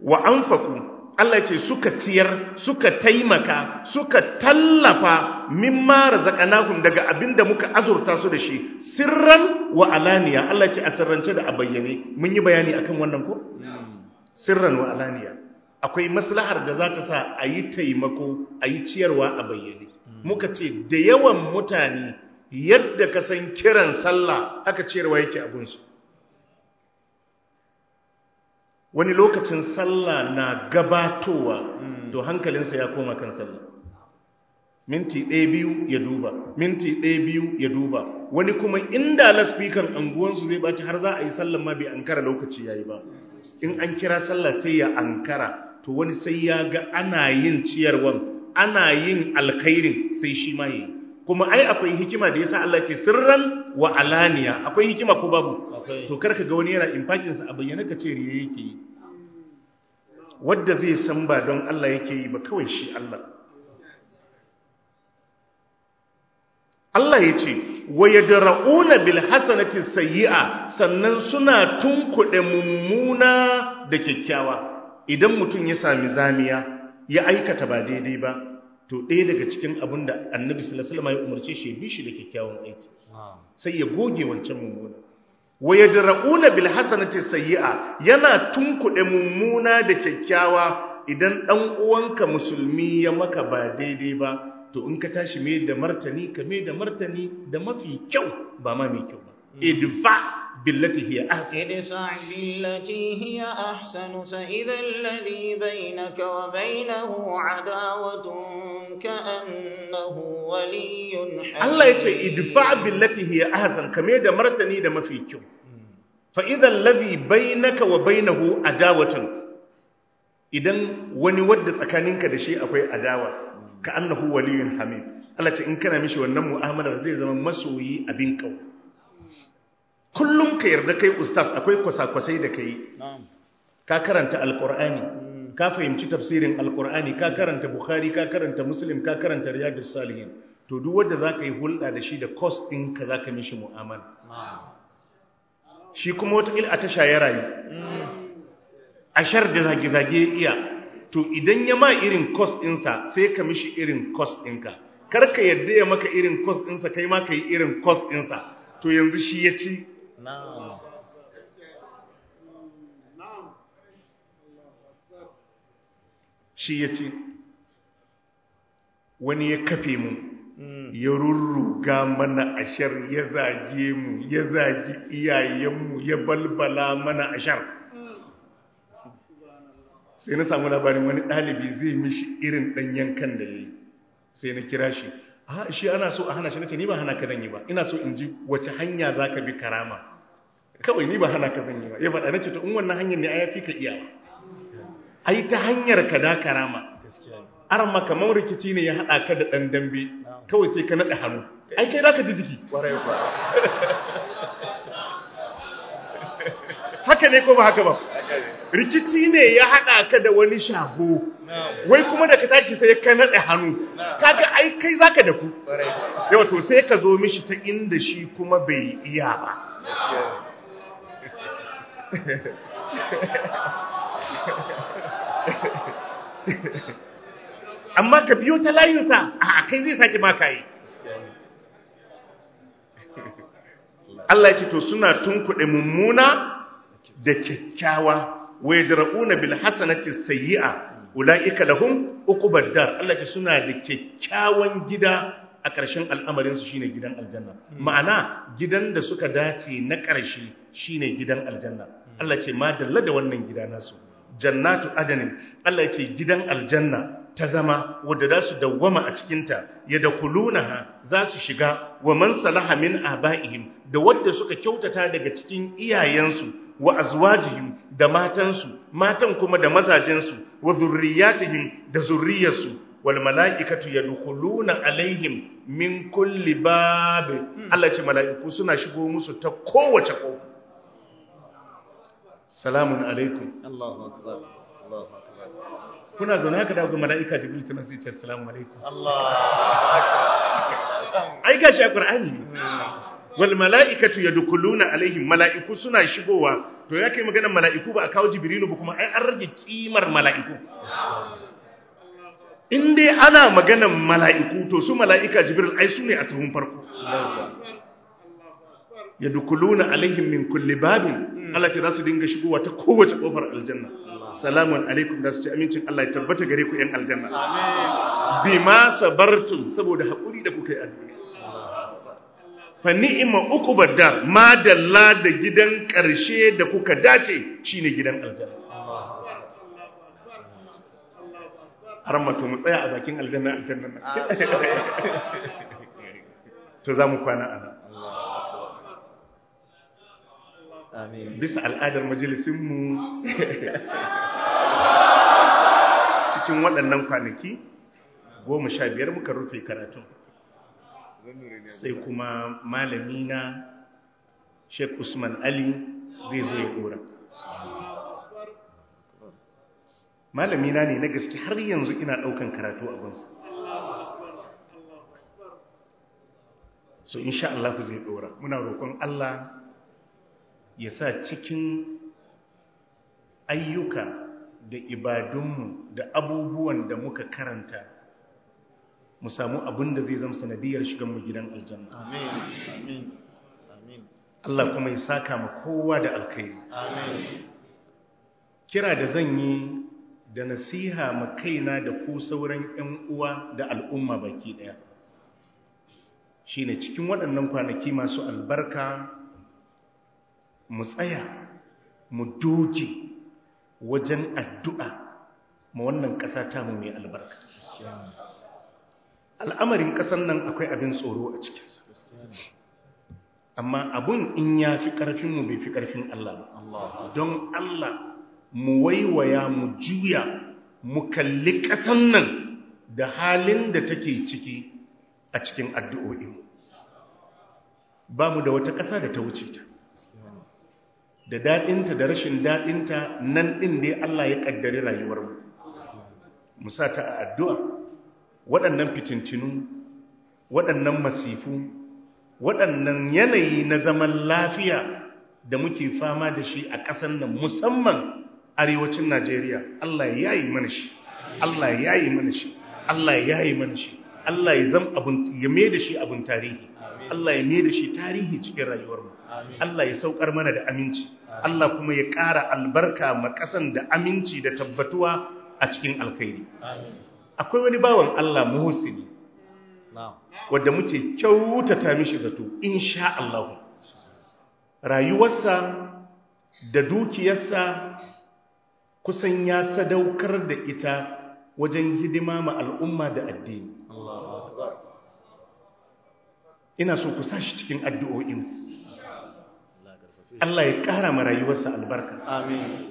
wa anfaqu Allah ce suka ciyar suka taimaka suka tallafa mimma razaqnahum daga abinda muka azurta su da shi sirran wa alaniya Allah ce a da a mun yi bayani akan wannan ko sirran wa alaniya akwai maslahar da za ta sa a yi taimako a yi ciyarwa a bayyane hmm. muka ce da yawan mutane yadda ka san kiran sallah haka ciyarwa yake a gunsu wani lokacin sallah na gabatowa to hankalinsa ya koma kan sallah minti ɗaya biyu ya duba minti ɗaya biyu ya duba wani kuma inda laspikan anguwansu zai baci har za a yi sallan ma bai ankara lokaci ya yi ba in an kira sallah sai ya ankara to wani sai ya ga ana yin ciyarwan ana yin alkhairin sai shi ma yi kuma ai akwai hikima da ya sa Allah ce sirran wa alaniya akwai hikima ko babu to karka ga wani yana infakin sa a bayyana ka ce riya yake yi wanda zai san ba don Allah yake yi ba kawai shi Allah Allah ya ce wa yadra'una bil hasanati sayyi'a sannan suna tunkuɗe mummuna da kyakkyawa idan mutum ya sami zamiya ya aikata ba daidai ba to ɗaya daga cikin abin da annabi sallallahu alaihi wasallam ya umarce shi bi shi da kyakkyawan aiki sai ya goge wancan mummuna da ra'una bil hasanati sayyi'a yana tunkuɗe mummuna da kyakkyawa idan ɗan uwanka musulmi ya maka ba daidai ba to in ka tashi mai da martani ka mai da martani da mafi kyau ba ma mai kyau ba mm. idfa بالتي هي أحسن ادفع بالتي هي أحسن فإذا الذي بينك وبينه عداوة كأنه ولي الله ادفع بالتي هي أحسن يدى kame da martani da mafi kyau fa idha wa idan wani wadda tsakaninka da shi akwai adawa ka annahu waliyun hamid Allah ce in kana mishi wannan mu'amalar zai zama masoyi abin kau. kullum ka yarda kai ustaz akwai kwasa-kwasai da kai ka karanta alkur'ani ka fahimci tafsirin alkur'ani ka karanta bukhari ka karanta muslim ka karanta riyadus salihin to duk wanda ka yi hulɗa da shi da kos din ka ka mishi mu'amala shi kuma wata a ta ya rayu ashar da zage-zage iya to idan ya ma irin kos ɗinsa sai ka mishi irin kos ɗinka ka yarda ya maka irin kos ɗinsa kai ma ka yi irin kos ɗinsa to yanzu shi ya ci shi ya ce wani ya kafe mu hmm. ya rurruga mana ashar ya zage mu ya zage iyayenmu ya balbala mana ashar sai na samu labarin wani ɗalibi zai mishi irin ɗan kan da ya yi sai na kira shi shi ana so a hana shi na ce ni ba hana ka zan yi ba ina so in ji wace hanya za ka bi karama kawai ni ba hana ka zan yi ba ya faɗa na ce in unwannan hanyar ne a ya fi ka iya yi ta hanyar ka da karama ar kamar rikici ne ya haɗa ka da ɗan dambe kawai sai ka naɗa hannu ai kai ka ji jiki haka ne ko ba haka ba rikici ne ya haɗa ka da wani shago wai kuma da ka tashi sai ka naɗe hannu kaga ai kai zaka da ku yawa to sai ka zo mishi ta inda shi kuma bai iya ba amma ka biyo ta layinsa a kai zai sake maka yi Allah ya ce to suna tunkuɗe mummuna da kyakkyawa wa yadra'una bil hasanati sayyi'a ulaika lahum uqubad dar Allah suna da kyakkyawan gida a ƙarshen al'amarin su shine gidan aljanna ma'ana gidan da suka dace na ƙarshe shine gidan aljanna Allah ce ma dalla wannan gida nasu jannatu adanin Allah ce gidan aljanna ta zama wadda za su dawwama a cikinta ya da kulunaha za su shiga wa man salaha min aba'ihim da wadda suka kyautata daga cikin iyayensu wa azwajihim da matansu matan kuma da mazajensu wa zurriyatihim da zurriyarsu wal mala'ikatu yadkhuluna alaihim min kulli bab hmm. Allah ce mala'iku suna shigo musu ta kowace kofa salamun alaikum Allahu akbar Allahu akbar kuna zaune haka ga mala'ika jibril tana sai ce assalamu alaikum Allahu akbar ai gashi a wal mala'ikatu yadkhuluna alaihim mala'iku suna shigowa to yake maganar mala'iku ba a kawo jibrilu ba kuma ai an rage kimar mala'iku in dai ana maganar mala'iku to su mala'ika jibril ai su ne a sahun farko yadkhuluna alaihim min kulli babin Allah ta zasu dinga shigowa ta kowace kofar aljanna Salamu alaikum da su ci amincin Allah ya tabbata gare ku yan aljanna bima sabartum saboda hakuri da kuka yi fa ni'ima uku badda ma dalla da gidan ƙarshe da kuka dace shine gidan aljanna har mato mu tsaya a bakin aljanna aljanna to za mu kwana ana bisa al'adar majalisinmu cikin waɗannan kwanaki goma sha biyar muka rufe karatun sai kuma malami Sheikh Usman Ali zai zo ya kora malami ne na gaske har yanzu ina daukan karatu a gunsa so insha Allah zai dora muna roƙon Allah ya sa cikin ayyuka da ibadunmu da abubuwan da muka karanta mu samu abin da zai zama sanadiyar shigan mu gidan aljanna Allah kuma ya saka ma kowa da alkhairi kira da zan yi da nasiha ma kaina da ku sauran 'yan uwa da al'umma baki daya ne cikin waɗannan kwanaki masu albarka mu tsaya mu doge wajen addu'a ma wannan ƙasa ta mu mai albarka al'amarin ƙasan nan akwai abin tsoro a cikinsa amma abun in ya fi ƙarfinmu bai fi ƙarfin Allah ba don Allah mu waiwaya mu juya mu kalli ƙasan nan da halin da take ciki a cikin addu'o'in ba mu da wata ƙasa da ta wuce ta da daɗinta da rashin daɗinta nan ɗin dai Allah ya ƙaddari rayuwar mu sa a addu'a waɗannan fitintinu waɗannan masifu waɗannan yanayi na zaman lafiya da muke fama da shi a ƙasar nan musamman arewacin najeriya allah ya yi mana shi allah ya yi mana shi allah ya yi mana shi allah ya zama abin ya mai da shi abin tarihi allah ya mai da shi tarihi cikin rayuwarmu allah ya saukar mana da aminci allah kuma ya ƙara albarka ma ƙasan da aminci da tabbatuwa a cikin alkhairi akwai wani bawan Allah muhusini wadda muke kyautata mishi zato insha Allah rayuwarsa da dukiyarsa kusan ya sadaukar da ita wajen hidima ma al'umma da addini ina so ku sashi cikin addu'o'inku Allah ya ƙara marayuwarsa albarka.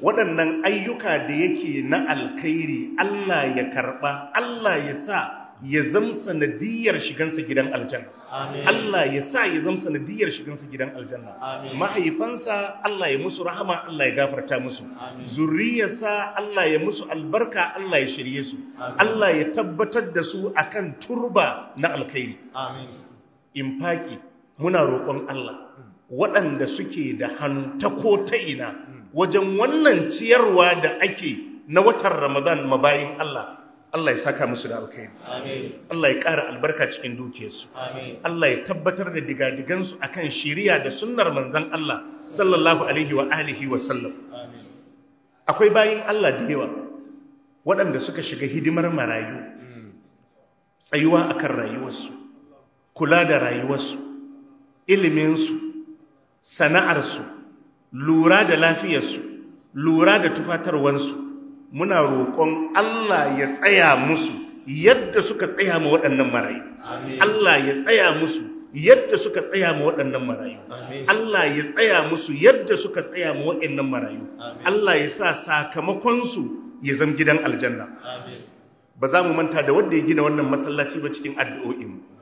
Waɗannan ayyuka da yake na alkhairi Allah ya karɓa, Allah ya sa ya zamsa nadiyar shigansa gidan aljanna. Allah ya sa ya zamsa nadiyar shigansa gidan aljanna. Mahaifansa Allah ya musu rahama Allah ya gafarta musu. Zuriyarsa Allah ya musu albarka Allah ya shirye su. Allah ya tabbatar da su akan turba na alkhairi. Infaki muna roƙon Allah. waɗanda suke da hannu ta ko ta ina wajen wannan ciyarwa da ake na watan ramadan mabayin Allah Allah ya saka musu da alkhairi Allah ya ƙara albarka cikin dukiyarsu Allah ya tabbatar da digadigansu akan shiriya da sunnar manzon Allah sallallahu alaihi wa alihi wa sallam akwai bayin Allah da yawa waɗanda suka shiga hidimar marayu tsayuwa akan rayuwarsu kula da rayuwarsu iliminsu sana'arsu lura da lafiyarsu lura da tufatarwansu muna roƙon Allah ya tsaya musu yadda suka tsaya ma waɗannan marayu Allah ya tsaya musu yadda suka tsaya ma waɗannan marayu Allah ya tsaya musu yadda suka tsaya ma waɗannan marayu Allah ya sa sakamakonsu ya zama gidan aljanna ba za mu manta da wanda ya gina wannan masallaci ba cikin addu'o'inmu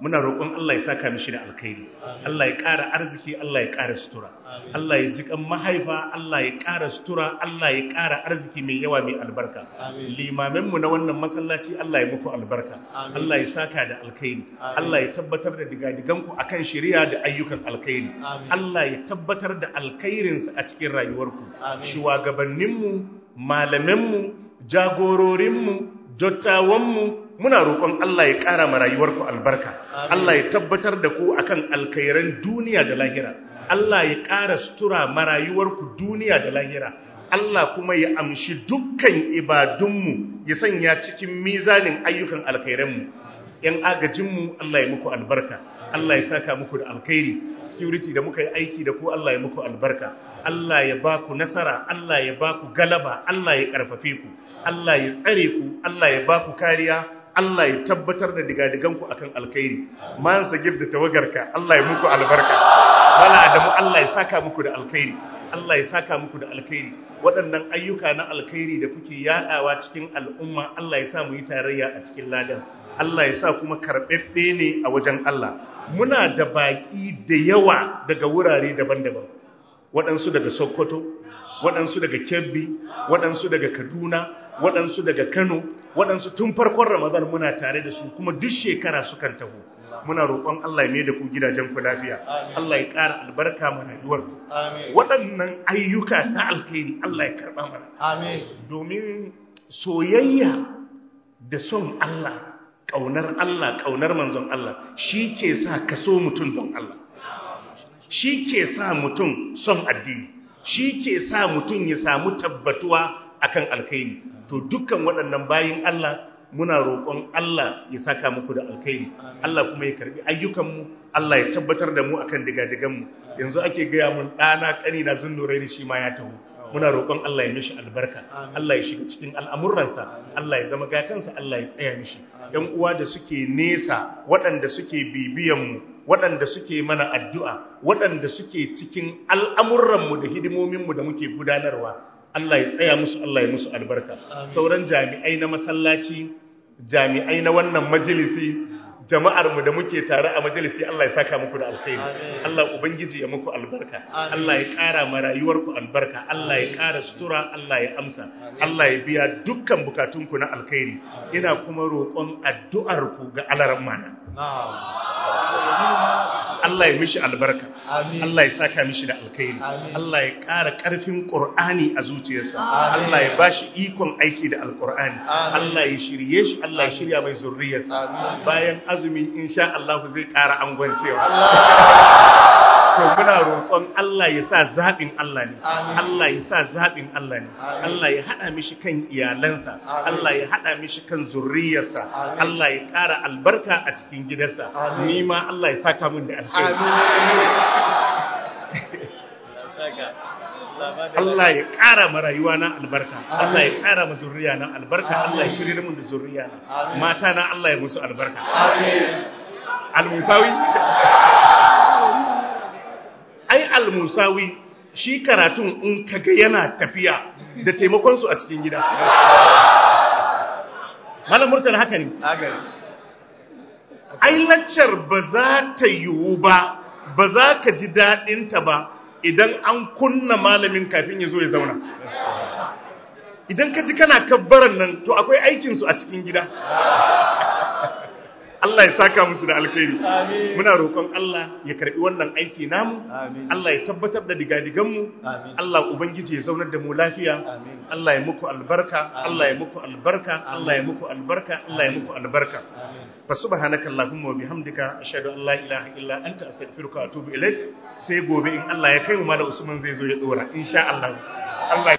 muna roƙon Allah ya saka mishi da alkhairi Allah ya ƙara arziki Allah ya ƙara sutura Allah ya ji kan mahaifa Allah ya ƙara sutura Allah ya ƙara arziki mai yawa mai albarka limamin mu na wannan masallaci Allah ya muku albarka Allah ya saka da alkhairi Allah ya tabbatar da digadigan ku akan shari'a da ayyukan alkhairi Allah ya tabbatar da alkhairinsa a cikin rayuwarku jagororin mu jagororinmu mu muna roƙon Allah ya ƙara ma albarka Allah ya tabbatar da ku akan alkairan duniya da lahira Allah ya ƙara sutura marayuwarku duniya da lahira Allah kuma ya amshi dukkan ibadunmu ya sanya cikin mizanin ayyukan alkairanmu ‘yan agajinmu Allah ya muku albarka, Allah ya saka muku da alkhairi, security da muka yi aiki da ku Allah ya muku albarka, Allah ya ba ku nasara, Allah ya ba ku galaba, Allah ya ƙarfafe ku, Allah ya tsare ku, Allah ya ba ku kariya, Allah ya tabbatar da digadiganku kan alkhairi man sagir da tawagarka Allah ya muku albarka bala adamu Allah ya saka muku da alkhairi Allah ya saka muku da alkhairi waɗannan ayyuka na alkhairi da kuke yaɗawa cikin al'umma Allah ya sa mu yi tarayya a cikin ladan Allah ya sa kuma karɓaɓɓe ne a wajen Allah muna da baƙi da yawa daga wurare daban-daban waɗansu daga Sokoto waɗansu daga Kebbi waɗansu daga Kaduna waɗansu daga Kano waɗansu tun farkon ramadan muna tare da su kuma duk shekara sukan taho muna roƙon Allah ya da ku gidajen ku lafiya Allah ya ƙara albarka ma rayuwar ku waɗannan ayyuka na alkhairi Allah ya karɓa mana amin domin soyayya da son Allah ƙaunar Allah ƙaunar manzon Allah shi ke sa ka mutum don Allah shi sa mutum son addini shi ke sa mutum ya samu tabbatuwa akan alkhairi to dukkan waɗannan bayin Allah muna roƙon Allah ya saka muku da alkhairi Allah kuma ya karbi ayyukanmu Allah ya tabbatar da mu akan digadiganmu yanzu ake gaya mun ɗana ƙani na zun lura shi ma ya taho muna roƙon Allah ya mishi albarka Allah ya shiga cikin al'amuransa Allah ya zama gatansa Allah ya tsaya mishi ‘yan uwa da suke nesa waɗanda suke bibiyanmu waɗanda suke mana addu'a waɗanda suke cikin al'amuranmu da hidimominmu da muke gudanarwa Allah ya tsaya musu Allah ya musu albarka sauran jami'ai na masallaci jami'ai na wannan majalisi jama'ar mu da muke tare a majalisi Allah ya saka muku da alkhairi Allah ubangiji ya muku albarka Allah ya ƙara ma rayuwarku albarka Allah ya ƙara sutura Allah ya amsa Allah ya biya dukkan bukatun ku na alkhairi ina kuma roƙon ku ga alaran mana Allah ya mishi albarka Allah ya saka mishi da alkhairi Allah ya ƙara ƙarfin Qur'ani a zuciyarsa Allah ya bashi ikon aiki da alkur'ani Allah ya shirye shi Allah ya shirya mai zurriyarsa bayan azumi insha Allah zai ƙara angwancewa to muna roƙon Allah ya sa zaɓin Allah ne Allah ya sa zaɓin Allah ne Allah ya haɗa mishi kan iyalansa Allah ya haɗa mishi kan zurriyarsa Allah ya ƙara albarka a cikin gidansa ni ma Allah ya saka min da alheri Allah ya ƙara ma rayuwa na albarka, Allah ya ƙara ma zurriya na albarka, Allah ya shirya mun da zurriya na, mata na Allah ya musu albarka. Al-Musawi? ai al-musawi shi karatun in kaga yana tafiya da taimakon su a cikin gida malam murtal haka ne ai laccar ba za ta yiwu ba ba za ka ji daɗinta ba idan an kunna malamin kafin ya zo ya zauna idan ka ji kana kabbaran nan to akwai aikinsu a cikin gida Allah ya saka musu da alkhairi muna roƙon Allah ya karbi wannan aiki namu Allah ya tabbatar da digadiganmu Allah ubangiji ya zaunar da mu lafiya Allah ya muku albarka Allah ya muku albarka Allah ya muku albarka Allah ya muku albarka fa subhanaka allahumma wa bihamdika ashhadu an la ilaha illa anta astaghfiruka wa atubu ilaik sai gobe in Allah ya kai mu mala usman zai zo ya dora insha Allah Allah